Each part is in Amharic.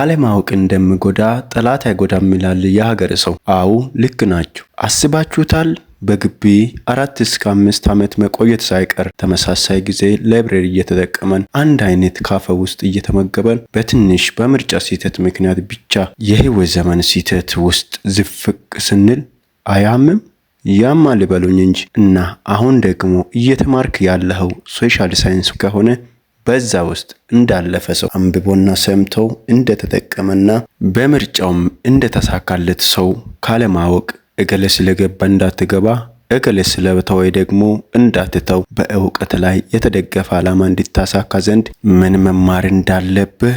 አለማወቅ እንደምጎዳ ጠላት አይጎዳም ይላል የሀገር ሰው። አዎ ልክ ናችሁ። አስባችሁታል? በግቢ አራት እስከ አምስት ዓመት መቆየት ሳይቀር ተመሳሳይ ጊዜ ላይብሬሪ እየተጠቀመን አንድ አይነት ካፈ ውስጥ እየተመገበን በትንሽ በምርጫ ስህተት ምክንያት ብቻ የህይወት ዘመን ስህተት ውስጥ ዝፍቅ ስንል አያምም? ያማ ልበሉኝ እንጂ እና አሁን ደግሞ እየተማርክ ያለኸው ሶሻል ሳይንስ ከሆነ በዛ ውስጥ እንዳለፈ ሰው አንብቦና ሰምተው እንደተጠቀመና በምርጫውም እንደተሳካለት ሰው ካለማወቅ እገለ ስለገባ እንዳትገባ እገሌ ስለተወ ደግሞ እንዳትተው በእውቀት ላይ የተደገፈ ዓላማ እንድታሳካ ዘንድ ምን መማር እንዳለብህ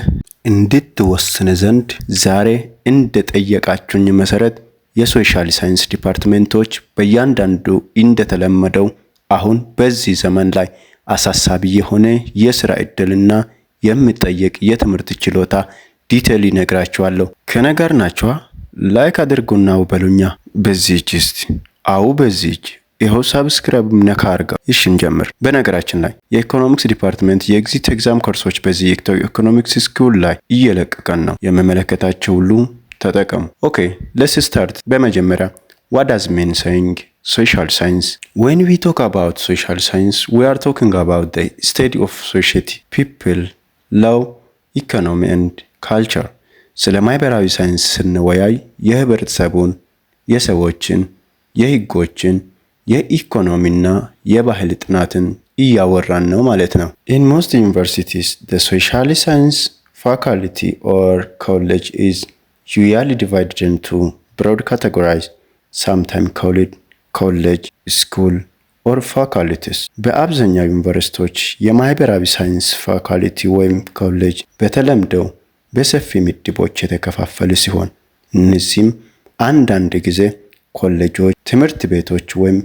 እንድትወስን ዘንድ ዛሬ እንደጠየቃችሁኝ መሰረት የሶሻል ሳይንስ ዲፓርትሜንቶች በእያንዳንዱ እንደተለመደው አሁን በዚህ ዘመን ላይ አሳሳቢ የሆነ የስራ እድልና የሚጠየቅ የትምህርት ችሎታ ዲቴል ይነግራችኋለሁ። ከነገር ናቸዋ። ላይክ አድርጉና አው በሉኛ። በዚህች እስቲ አው በዚህች ይኸው ሳብስክራይብ ነካ አርጋ። እሺ እንጀምር። በነገራችን ላይ የኢኮኖሚክስ ዲፓርትመንት የኤግዚት ኤግዛም ኮርሶች በዚህ የክተው ኢኮኖሚክስ ስኩል ላይ እየለቀቀን ነው። የመመለከታቸው ሁሉ ተጠቀሙ። ኦኬ ለስ ስታርት። በመጀመሪያ ዋዳዝ ሜን ሳይንግ social science. When we talk about social science, we are talking about the state of society, people, law, ኢኮኖሚ ኤንድ ካልቸር። ስለ ማህበራዊ ሳይንስ ስንወያይ የህብረተሰቡን፣ የሰዎችን፣ የህጎችን፣ የኢኮኖሚና የባህል ጥናትን እያወራን ነው ማለት ነው። ኢን ሞስት ዩኒቨርሲቲስ ዘ ሶሻል ሳይንስ ፋካልቲ ኦር ኮሌጅ ኢዝ ዩያሊ ዲቫይድድ ኢንቱ ብሮድ ካቴጎሪዝ ሳምታይም ኮልድ ኮሌጅ፣ ስኩል ኦር ፋካልቲስ በአብዛኛው ዩኒቨርሲቲዎች የማህበራዊ ሳይንስ ፋካልቲ ወይም ኮሌጅ በተለምደው በሰፊ ምድቦች የተከፋፈለ ሲሆን እነዚህም አንዳንድ ጊዜ ኮሌጆች፣ ትምህርት ቤቶች ወይም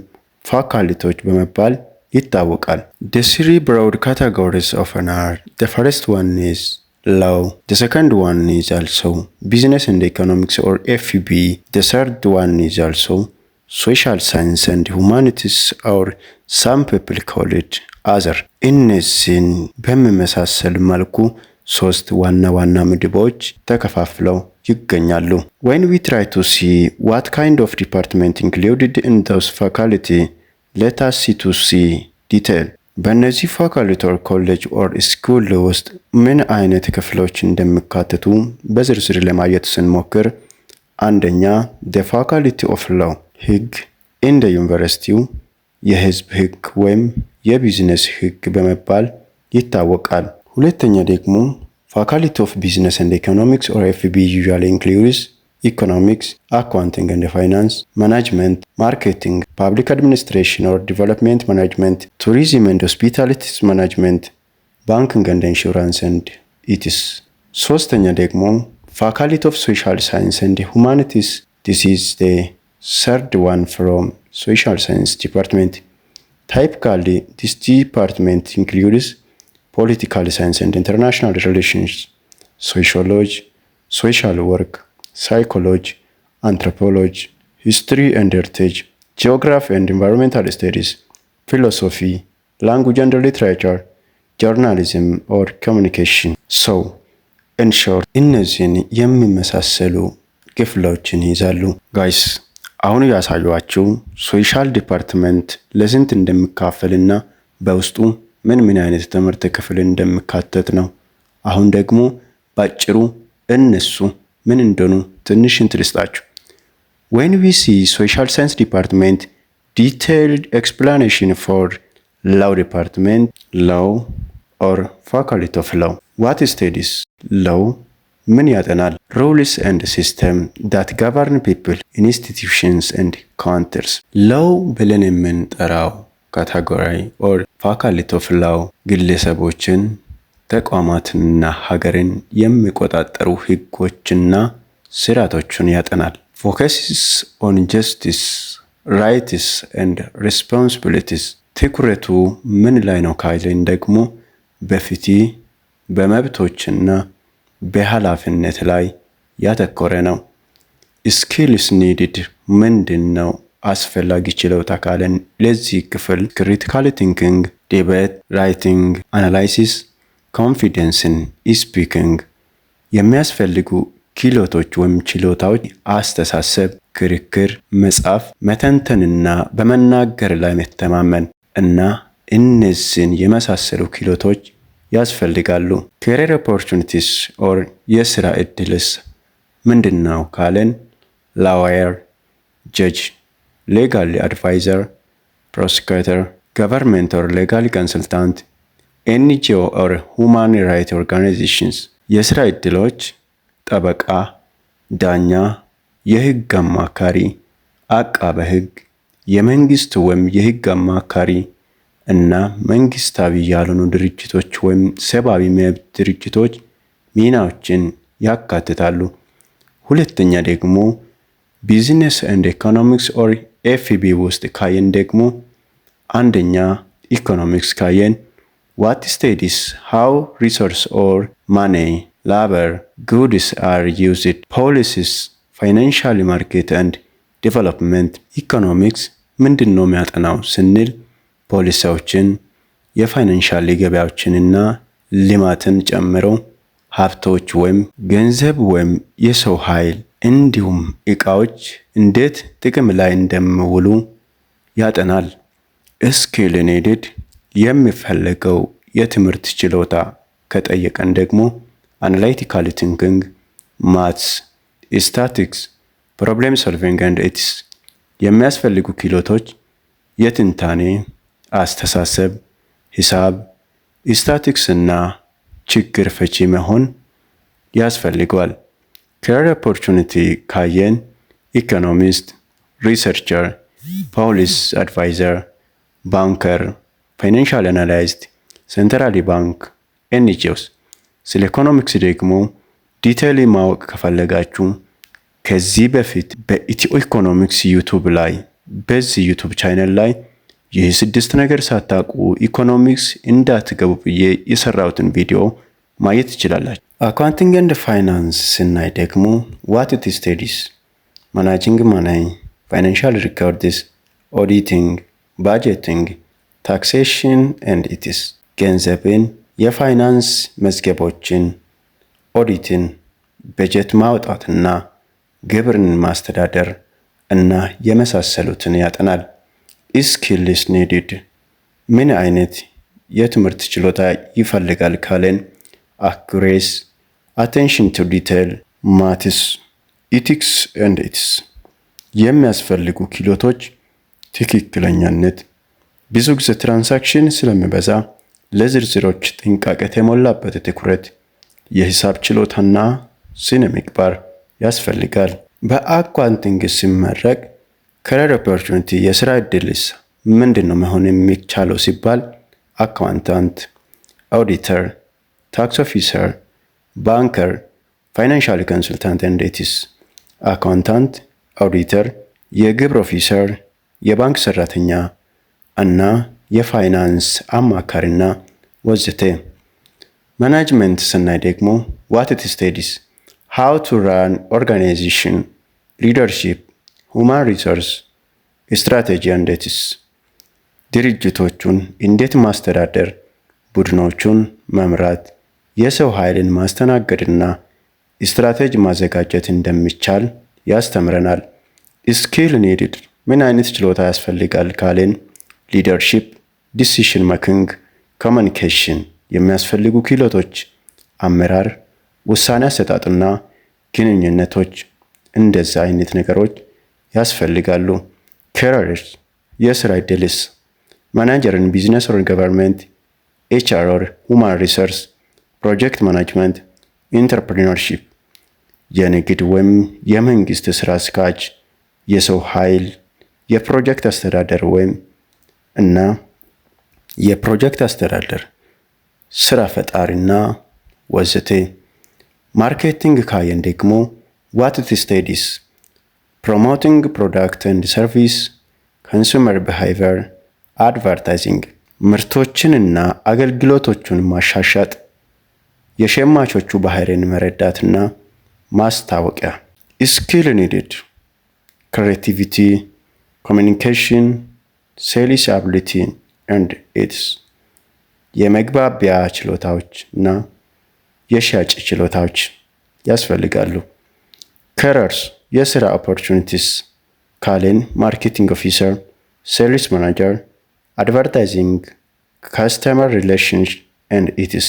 ፋካልቲዎች በመባል ይታወቃል። ደ ስሪ ብሮድ ካታጎሪስ ኦፍ አን አርት ደ ፈርስት ዋን ኢዝ ላው ደ ሰከንድ ዋን ኢዝ አልሶ ቢዝነስ እንደ ኢኮኖሚክስ ኦር ኤፍቢ ደ ሰርድ ዋን ኢዝ አልሶ ሶሻል ሳይንስ ኤንድ ሁማኒቲስ ኦር ሳም ፒፕል ኮሌጅ አዘር። እነዚህን በሚመሳሰል መልኩ ሶስት ዋና ዋና ምድቦች ተከፋፍለው ይገኛሉ። ዌን ዊ ትራይ ቱ ሲ ዋት ካይንድ ኦፍ ዲፓርትመንት ኢንክሉድድ ኢን ዶስ ፋካልቲ ሌት ሲ ቱ ሲ ዲቴል። በእነዚህ ፋካልቲ ኦር ኮሌጅ ኦር ስኩል ውስጥ ምን አይነት ክፍሎች እንደሚካተቱ በዝርዝር ለማየት ስንሞክር አንደኛ ደ ፋካልቲ ኦፍ ላው ህግ እንደ ዩኒቨርሲቲው የህዝብ ህግ ወይም የቢዝነስ ህግ በመባል ይታወቃል። ሁለተኛ ደግሞ ፋካልቲ ኦፍ ቢዝነስ ኤንድ ኢኮኖሚክስ ኦር ኤፍቢ ዩዥዋሊ ኢንክሉድስ ኢኮኖሚክስ፣ አካውንቲንግ ኤንድ ፋይናንስ፣ ማናጅመንት፣ ማርኬቲንግ፣ ፓብሊክ አድሚኒስትሬሽን ኦር ዲቨሎፕሜንት ማናጅመንት፣ ቱሪዝም ኤንድ ሆስፒታሊቲስ ማናጅመንት፣ ባንኪንግ ኤንድ ኢንሹራንስ ኤንድ ኢትስ። ሶስተኛ ደግሞ Faculty of Social Science and Humanities. This is the third one from Social Science Department. Typically, this department includes political science and international relations, sociology, social work, psychology, anthropology, history and heritage, geography and environmental studies, philosophy, language and literature, journalism or communication. So, እንሾርት እነዚህን የሚመሳሰሉ ክፍሎችን ይይዛሉ። ጋይስ አሁን ያሳዩችሁ ሶሻል ዲፓርትመንት ለስንት እንደሚካፈልና በውስጡ ምን ምን አይነት ትምህርት ክፍል እንደሚካተት ነው። አሁን ደግሞ ባጭሩ እነሱ ምን እንደሆኑ ትንሽ እንትን ልስጣችሁ። ዊ ሲ ሶሻል ሳይንስ ዲፓርትመንት ዲቴይልድ ኤክስፕላኔሽን ፎር ላው ዲፓርትመንት ላው ኦር ፋካልቲ ኦፍ ላው ዋት ስቴዲስ ለው ምን ያጠናል? ሩልስ ኤንድ ሲስተም ዳት ጋቨርን ፒፕል ኢንስቲትዩሽንስ ኤንድ ካንትሪስ። ለው ብለን የምንጠራው ካታጎሪ ኦር ፋካልቲ ኦፍ ላው ግለሰቦችን ተቋማትንና ሀገርን የሚቆጣጠሩ ህጎችና ስርዓቶችን ያጠናል። ፎከስስ ኦን ጀስቲስ ራይትስ ኤንድ ሬስፖንሲቢሊቲስ። ትኩረቱ ምን ላይ ነው ካይልን ደግሞ በፍትህ በመብቶችና በኃላፊነት ላይ ያተኮረ ነው። ስኪልስ ኒድድ ምንድን ነው? አስፈላጊ ችሎታ ካለን ለዚህ ክፍል ክሪቲካል ቲንኪንግ፣ ዲቤት፣ ራይቲንግ፣ አናላይሲስ፣ ኮንፊደንስን፣ ስፒኪንግ የሚያስፈልጉ ክህሎቶች ወይም ችሎታዎች አስተሳሰብ፣ ክርክር፣ መጻፍ፣ መተንተንና በመናገር ላይ መተማመን እና እነዚህን የመሳሰሉ ክህሎቶች ያስፈልጋሉ። ከሬር ኦፖርቹኒቲስ ኦር የስራ እድልስ ምንድን ነው ካለን ላዋየር፣ ጀጅ፣ ሌጋል አድቫይዘር፣ ፕሮስኪተር፣ ገቨርንመንት ኦር ሌጋል ኮንሰልታንት፣ ኤንጂኦ ኦር ሁማን ራይት ኦርጋናይዜሽንስ። የስራ እድሎች ጠበቃ፣ ዳኛ፣ የህግ አማካሪ፣ አቃበ ህግ፣ የመንግስት ወይም የህግ አማካሪ እና መንግስታዊ ያልሆኑ ድርጅቶች ወይም ሰብአዊ መብት ድርጅቶች ሚናዎችን ያካትታሉ። ሁለተኛ ደግሞ ቢዝነስ ኤንድ ኢኮኖሚክስ ኦር ኤፍቢ ውስጥ ካየን ደግሞ አንደኛ ኢኮኖሚክስ ካየን ዋት ስቴዲስ ሃው ሪሶርስ ኦር ማኔ ላበር ጉድስ አር ዩዝድ ፖሊሲስ ፋይናንሻል ማርኬት ኤንድ ዲቨሎፕመንት ኢኮኖሚክስ ምንድን ነው የሚያጠናው ስንል ፖሊሲዎችን፣ የፋይናንሻል ገበያዎችንና ልማትን ጨምሮ ሀብቶች ወይም ገንዘብ ወይም የሰው ኃይል እንዲሁም እቃዎች እንዴት ጥቅም ላይ እንደሚውሉ ያጠናል። ስኪልኔድድ የሚፈለገው የትምህርት ችሎታ ከጠየቀን ደግሞ አናላይቲካል ቲንኪንግ፣ ማትስ፣ ስታቲክስ፣ ፕሮብሌም ሶልቪንግ ኤንድ ኢትስ የሚያስፈልጉ ክህሎቶች የትንታኔ አስተሳሰብ፣ ሂሳብ፣ ስታቲክስ እና ችግር ፈቺ መሆን ያስፈልገዋል። ከሪር ኦፖርቹኒቲ ካየን ኢኮኖሚስት፣ ሪሰርቸር፣ ፖሊስ አድቫይዘር፣ ባንከር፣ ፋይናንሻል አናላይስት፣ ሴንትራል ባንክ፣ ኤንጂኦስ። ስለ ኢኮኖሚክስ ደግሞ ዲቴይል ማወቅ ከፈለጋችሁ ከዚህ በፊት በኢትዮ ኢኮኖሚክስ ዩቱብ ላይ በዚህ ዩቱብ ቻይነል ላይ ይህ ስድስት ነገር ሳታውቁ ኢኮኖሚክስ እንዳትገቡ ብዬ የሰራሁትን ቪዲዮ ማየት ትችላላችሁ። አካውንቲንግ ኤንድ ፋይናንስ ስናይ ደግሞ ዋት ኢት ስቴዲስ፣ ማናጂንግ ማናይ፣ ፋይናንሻል ሪኮርድስ፣ ኦዲቲንግ፣ ባጀቲንግ፣ ታክሴሽን ኤንድ ኢትስ፣ ገንዘብን፣ የፋይናንስ መዝገቦችን፣ ኦዲትን፣ በጀት ማውጣትና ግብርን ማስተዳደር እና የመሳሰሉትን ያጠናል። ስኪል ኢዝ ምን አይነት የትምህርት ችሎታ ይፈልጋል ካለን አኩሬስ፣ አቴንሽን ቱ ዲቴል፣ ማትስ፣ ኢቲክስ ኤንድ ኢትስ። የሚያስፈልጉ ክህሎቶች ትክክለኛነት። ብዙ ጊዜ ትራንሳክሽን ስለሚበዛ ለዝርዝሮች ጥንቃቄ የተሞላበት ትኩረት፣ የሂሳብ ችሎታና ስነ ምግባር ያስፈልጋል። በአኳንቲንግ ሲመረቅ ከረር ኦፖርቹኒቲ የስራ እድልስ ምንድን ነው መሆን የሚቻለው ሲባል አካውንታንት፣ ኦዲተር፣ ታክስ ኦፊሰር፣ ባንከር፣ ፋይናንሻል ኮንሱልታንት ኤንድ አካውንታንት፣ ኦዲተር፣ የግብር ኦፊሰር፣ የባንክ ሰራተኛ እና የፋይናንስ አማካሪና ወዘተ። ማናጅመንት ስናይ ደግሞ ዋትት ስቴዲስ ሃው ቱ ራን ኦርጋናይዜሽን ሊደርሺፕ ሁማን ሪሶርስ ስትራቴጂ እንዴትስ ድርጅቶቹን እንዴት ማስተዳደር፣ ቡድኖቹን መምራት፣ የሰው ኃይልን ማስተናገድና ስትራቴጂ ማዘጋጀት እንደሚቻል ያስተምረናል። ስኪል ኒድድ ምን አይነት ችሎታ ያስፈልጋል ካልን ሊደርሺፕ፣ ዲሲሽን መኪንግ፣ ኮሚኒኬሽን የሚያስፈልጉ ክህሎቶች፣ አመራር፣ ውሳኔ አሰጣጥና ግንኙነቶች እንደዛ አይነት ነገሮች ያስፈልጋሉ። ከረርስ የስራ ዕድልስ ማናጀርን፣ ቢዝነስ ኦር ገቨርንመንት፣ አር ኦር ሁማን ሪሰርስ፣ ፕሮጀክት ማናጅመንት፣ ኢንተርፕሪነርሺፕ፣ የንግድ ወይም የመንግስት ስራ አስኪያጅ፣ የሰው ኃይል፣ የፕሮጀክት አስተዳደር ወይም እና የፕሮጀክት አስተዳደር፣ ስራ ፈጣሪና ወዘቴ። ማርኬቲንግ ካየን ደግሞ ዋት ስቴዲስ ፕሮሞቲንግ product and ሰርቪስ consumer behavior, አድቨርታይዚንግ ምርቶችንና አገልግሎቶቹን ማሻሻጥ፣ የሸማቾቹ ባህሪን መረዳትና ማስታወቂያ፣ ስኪል ኒድድ፣ ክሬቲቪቲ፣ ኮሚኒኬሽን፣ ሴልስ አቢሊቲ ኤንድ ኢትስ፣ የመግባቢያ ችሎታዎች እና የሽያጭ ችሎታዎች ያስፈልጋሉ። ከረርስ የስራ ኦፖርቹኒቲስ ካልን ማርኬቲንግ ኦፊሰር፣ ሰርቪስ ማናጀር፣ አድቨርታይዚንግ፣ ከስተመር ሪሌሽንስ ኤንድ ኢትስ፣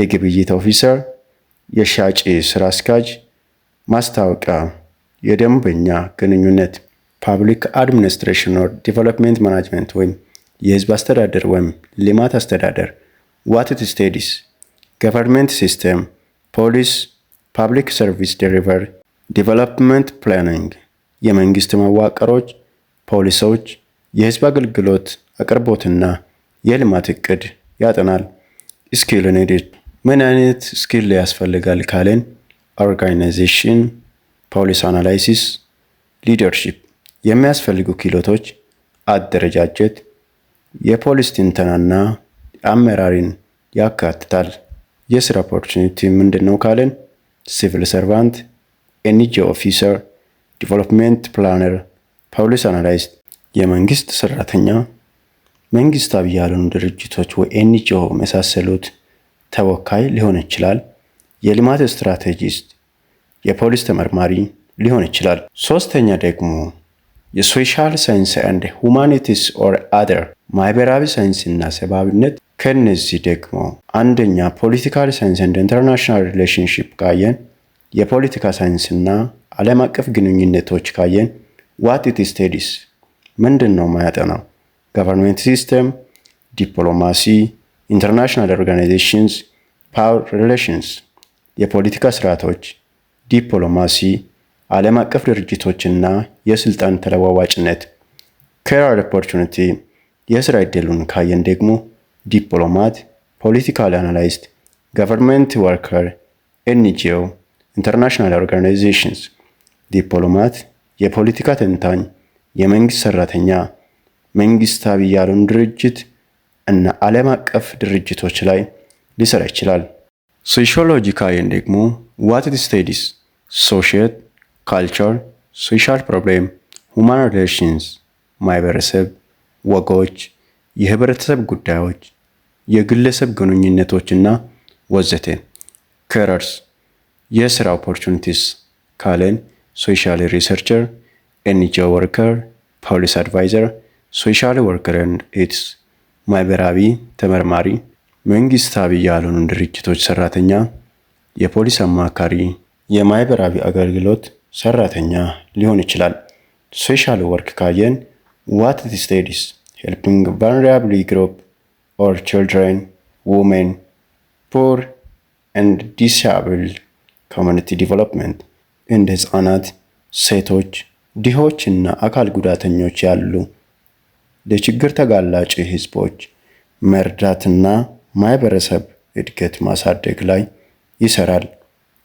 የግብይት ኦፊሰር፣ የሻጭ ስራ አስኪያጅ፣ ማስታወቂያ፣ የደንበኛ ግንኙነት፣ ፓብሊክ አድሚኒስትሬሽን ኦር ዲቨሎፕሜንት ማናጅመንት ወይም የህዝብ አስተዳደር ወይም ልማት አስተዳደር፣ ዋትት ስቴዲስ፣ ገቨርንመንት ሲስተም፣ ፖሊስ፣ ፓብሊክ ሰርቪስ ዴሊቨሪ ዲቨሎፕመንት ፕላኒንግ የመንግስት መዋቅሮች፣ ፖሊሶች፣ የህዝብ አገልግሎት አቅርቦትና የልማት እቅድ ያጠናል። ስኪል ኒድድ ምን አይነት ስኪል ያስፈልጋል ካለን ኦርጋናይዜሽን፣ ፖሊስ አናላይሲስ፣ ሊደርሺፕ የሚያስፈልጉ ክህሎቶች አደረጃጀት፣ የፖሊስ ትንተናና አመራሪን ያካትታል። የስራ ኦፖርቹኒቲ ምንድን ነው ካለን ሲቪል ሰርቫንት ኤንጂኦ ኦፊሰር፣ ዲቨሎፕመንት ፕላነር፣ ፖሊስ አናላይስት፣ የመንግስት ሰራተኛ፣ መንግስታዊ ያልሆኑ ድርጅቶች ወይ መሳሰሉት ተወካይ ሊሆን ይችላል። የልማት ስትራቴጂስት፣ የፖሊስ ተመርማሪ ሊሆን ይችላል። ሶስተኛ ደግሞ የሶሻል ሳይንስ አንድ ሁማኒቲስ ኦር አደር ማህበራዊ ሳይንስና ሰብአዊነት። ከነዚህ ደግሞ አንደኛ ፖለቲካል ሳይንስ ኢንተርናሽናል ሪሌሽንሽፕ ካየን የፖለቲካ ሳይንስና ዓለም አቀፍ ግንኙነቶች ካየን ዋት ኢት ስተዲስ ምንድን ነው ማያጠናው? ገቨርንመንት ሲስተም፣ ዲፕሎማሲ፣ ኢንተርናሽናል ኦርጋናይዜሽንስ፣ ፓወር ሪሌሽንስ፣ የፖለቲካ ስርዓቶች፣ ዲፕሎማሲ፣ ዓለም አቀፍ ድርጅቶችና የስልጣን ተለዋዋጭነት፣ ከሪየር ኦፖርቹኒቲ የስራ ዕድሉን ካየን ደግሞ ዲፕሎማት፣ ፖለቲካል አናላይስት፣ ገቨርንመንት ወርከር፣ ኤንጂኦ ኢንተርናሽናል ኦርጋናይዜሽንስ፣ ዲፕሎማት፣ የፖለቲካ ተንታኝ፣ የመንግስት ሰራተኛ መንግሥታዊ ያልሆኑ ድርጅት እና ዓለም አቀፍ ድርጅቶች ላይ ሊሰራ ይችላል። ሶሺዮሎጂካዊን ደግሞ ዋትድ ስቴዲስ፣ ሶሽየት፣ ካልቸር፣ ሶሻል ፕሮብሌም፣ ሁማን ሪሌሽንስ፣ ማህበረሰብ፣ ወጎች፣ የህብረተሰብ ጉዳዮች፣ የግለሰብ ግንኙነቶችና ወዘተ ከረርስ የስራ ኦፖርቹኒቲስ ካለን ሶሻል ሪሰርቸር፣ ኤንጂኦ ወርከር፣ ፖሊስ አድቫይዘር፣ ሶሻል ወርከር ኤድስ፣ ማህበራዊ ተመርማሪ፣ መንግስታዊ ያልሆኑ ድርጅቶች ሰራተኛ፣ የፖሊስ አማካሪ፣ የማህበራዊ አገልግሎት ሰራተኛ ሊሆን ይችላል። ሶሻል ወርክ ካየን ዋት ኢት ስቴዲስ ሄልፒንግ ቫልነራብል ግሩፕ ኦር ችልድረን፣ ወመን ፑር ኤንድ ዲስአብልድ ኮሚኒቲ ዲቨሎፕመንት እንደ ህፃናት ሴቶች፣ ድሆችና አካል ጉዳተኞች ያሉ ለችግር ተጋላጭ ህዝቦች መርዳትና ማህበረሰብ እድገት ማሳደግ ላይ ይሰራል።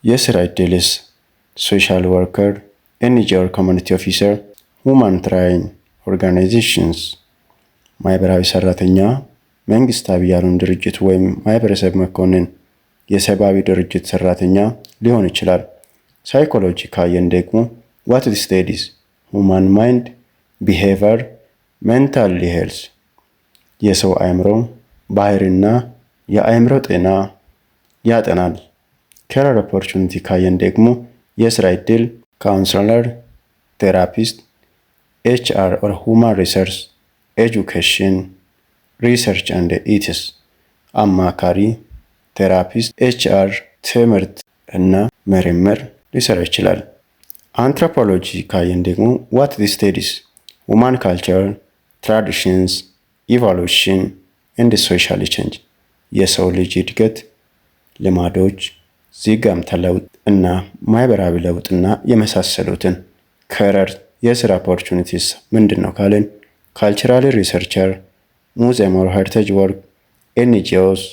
የስራ ዕድልስ ሶሻል ወርከር፣ ኤንጂኦር፣ ኮሚኒቲ ኦፊሰር፣ ሁማን ትራይን ኦርጋናይዜሽንስ፣ ማህበራዊ ሰራተኛ፣ መንግስታዊ ያልሆኑ ድርጅት ወይም ማህበረሰብ መኮንን፣ የሰብአዊ ድርጅት ሰራተኛ ሊሆን ይችላል። ሳይኮሎጂ ካየን ደግሞ ዋት ስቴዲስ ሁማን ማይንድ ቢሄቨር ሜንታል ሄልስ የሰው አእምሮ ባህሪና የአእምሮ ጤና ያጠናል። ከረር ኦፖርቹኒቲ ካየን ደግሞ የስራ ዕድል፣ ካውንስለር፣ ቴራፒስት፣ ኤች አር ኦር ሁማን ሪሰርስ፣ ኤጁኬሽን ሪሰርች አንድ ኢትስ፣ አማካሪ፣ ቴራፒስት፣ ኤች አር፣ ትምህርት እና መርምር ሊሰራ ይችላል። አንትሮፖሎጂ ካየን ደግሞ ዋት ዲ ስቴዲስ ሁማን ካልቸር ትራዲሽንስ ኢቫሉሽን እንድ ሶሻል ቼንጅ የሰው ልጅ እድገት፣ ልማዶች፣ ዜጋምታ ለውጥ እና ማህበራዊ ለውጥና የመሳሰሉትን ከረር የስራ ኦፖርቹኒቲስ ምንድን ነው ካልን ካልቸራል ሪሰርቸር ሙዚየም ኦር ሄሪቴጅ ወርክ ኤንጂኦስ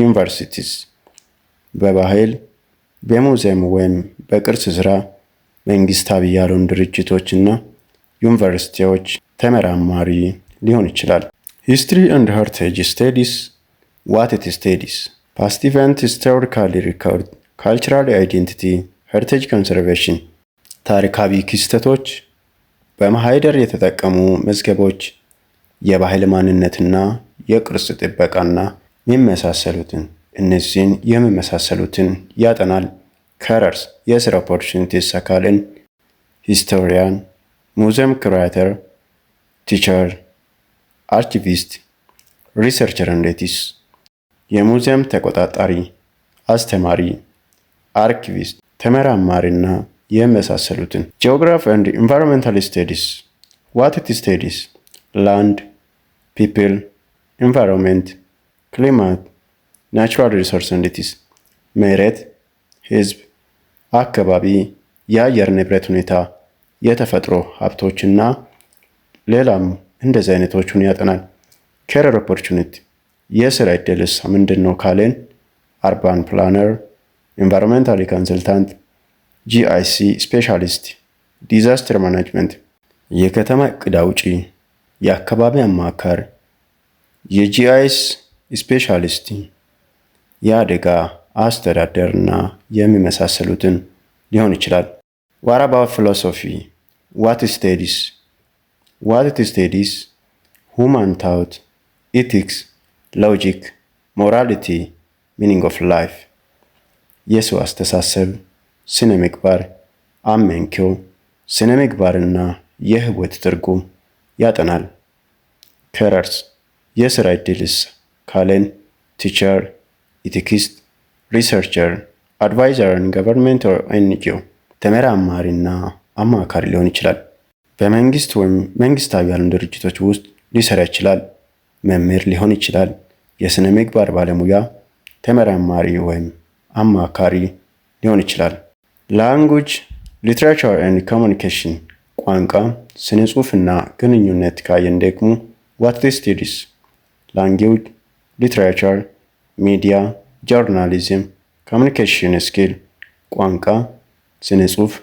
ዩኒቨርሲቲስ በባህል በሙዚየም ወይም በቅርስ ስራ መንግስታዊ ያልሆኑ ድርጅቶችና ዩኒቨርሲቲዎች ተመራማሪ ሊሆን ይችላል። ሂስትሪ ኤንድ ሄሪቴጅ ስቴዲስ ዋትት ኢት ስቴዲስ ፓስት ኢቨንት ሂስቶሪካል ሪኮርድ ካልቸራል አይዴንቲቲ ሄሪቴጅ ኮንሰርቬሽን ታሪካዊ ክስተቶች በማህደር የተጠቀሙ መዝገቦች የባህል ማንነትና የቅርስ ጥበቃና የሚመሳሰሉትን እነዚህን የመመሳሰሉትን ያጠናል። ከረርስ የስራ ኦፖርቹኒቲስ አካልን፣ ሂስቶሪያን፣ ሙዚየም ክሪተር ቲቸር፣ አርኪቪስት፣ ሪሰርቸር እንዴቲስ የሙዚየም ተቆጣጣሪ፣ አስተማሪ፣ አርኪቪስት፣ ተመራማሪና የመሳሰሉትን። ጂኦግራፊ ኤንድ ኢንቫይሮንመንታል ስቴዲስ ዋትት ስቴዲስ ላንድ፣ ፒፕል፣ ኢንቫይሮንመንት፣ ክሊማት ናቹራል ሪሶርስ፣ መሬት፣ ህዝብ፣ አካባቢ፣ የአየር ንብረት ሁኔታ፣ የተፈጥሮ ሀብቶች እና ሌላም እንደዚህ አይነቶቹን ያጠናል። ከረር ኦፖርቹኒቲ የስራ እድልስ ምንድን ነው ካሌን አርባን ፕላነር፣ ኤንቫይሮንሜንታል ኮንሰልታንት፣ ጂአይሲ ስፔሻሊስት፣ ዲዛስተር ማናጅመንት፣ የከተማ እቅድ አውጪ፣ የአካባቢ አማካር፣ የጂአይስ ስፔሻሊስት የአደጋ አስተዳደርና የሚመሳሰሉትን ሊሆን ይችላል። ዋት አባውት ፊሎሶፊ ዋት ስቴዲስ ዋት ስቴዲስ ሁማን ታውት ኢቲክስ ሎጂክ ሞራሊቲ ሚኒንግ ኦፍ ላይፍ የሰው አስተሳሰብ፣ ስነ ምግባር፣ አመንኪው ስነ ምግባርና የህይወት ትርጉም ያጠናል። ከረርስ የስራ ዕድልስ ካለን ቲቸር ኢቲክስት፣ ሪሰርቸር፣ አድቫይዘርን ገቨርንመንት ኦር ኤንጂኦ ተመራማሪና አማካሪ ሊሆን ይችላል። በመንግስት ወይም መንግስታዊ ያልሆኑ ድርጅቶች ውስጥ ሊሰራ ይችላል። መምህር ሊሆን ይችላል። የስነ ምግባር ባለሙያ፣ ተመራማሪ ወይም አማካሪ ሊሆን ይችላል። ላንጉጅ ሊትሬቸር ኤንድ ኮሚኒኬሽን ቋንቋ፣ ስነ ጽሑፍና ግንኙነት ካየን ደግሞ ዋት ስቱዲስ ላንጌጅ ሊትሬቸር ሚዲያ፣ ጆርናሊዝም፣ ኮሚኒኬሽን ስኪል፣ ቋንቋ፣ ስነ ጽሑፍ፣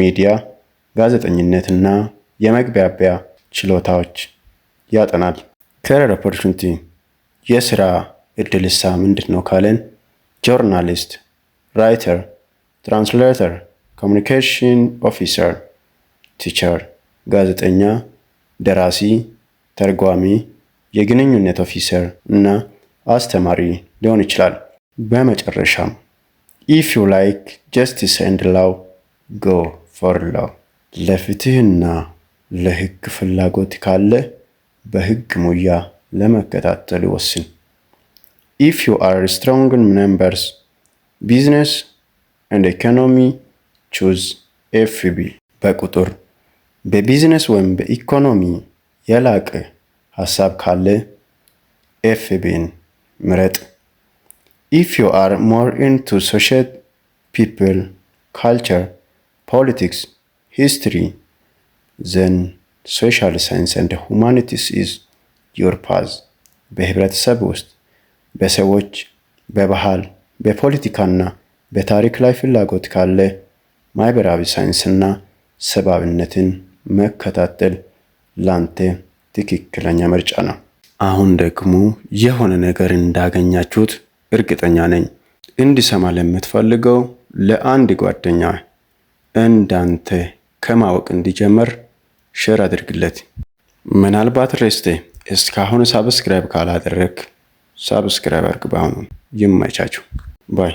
ሚዲያ፣ ጋዜጠኝነትና የመግባቢያ ችሎታዎች ያጠናል። ከረር ኦፖርቹኒቲ የስራ እድልሳ ምንድን ነው ካለን ጆርናሊስት፣ ራይተር፣ ትራንስሌተር፣ ኮሚኒኬሽን ኦፊሰር፣ ቲቸር፣ ጋዜጠኛ፣ ደራሲ፣ ተርጓሚ፣ የግንኙነት ኦፊሰር እና አስተማሪ ሊሆን ይችላል። በመጨረሻም ኢፍ ዩ ላይክ ጀስቲስ ኤንድ ላው ጎ ፎር ላው፣ ለፍትህና ለህግ ፍላጎት ካለ በህግ ሙያ ለመከታተል ይወስን። ኢፍ ዩ አር ስትሮንግ ኢን ነምበርስ ቢዝነስ ኤንድ ኢኮኖሚ ቹዝ ኤፍቢ። በቁጥር በቢዝነስ ወይም በኢኮኖሚ የላቀ ሀሳብ ካለ ኤፍቢን ምረጥ። ኢፍ ዩ አር ሞር ኢንቱ ሶሻል ፒፕል ካልቸር ፖለቲክስ ሂስትሪ ዘን ሶሻል ሳይንስ እንደ ሁማኒቲስ ኢዝ ዮር ፓዝ። በህብረተሰብ ውስጥ በሰዎች በባህል በፖለቲካና በታሪክ ላይ ፍላጎት ካለ ማህበራዊ ሳይንስና ሰብአዊነትን መከታተል ላንተ ትክክለኛ ምርጫ ነው። አሁን ደግሞ የሆነ ነገር እንዳገኛችሁት እርግጠኛ ነኝ። እንዲሰማ ለምትፈልገው ለአንድ ጓደኛ እንዳንተ ከማወቅ እንዲጀምር ሼር አድርግለት። ምናልባት ሬስቴ እስካሁን ሳብስክራይብ ካላደረግ ሳብስክራይብ አርግ። በአሁኑ ይመቻችሁ ባይ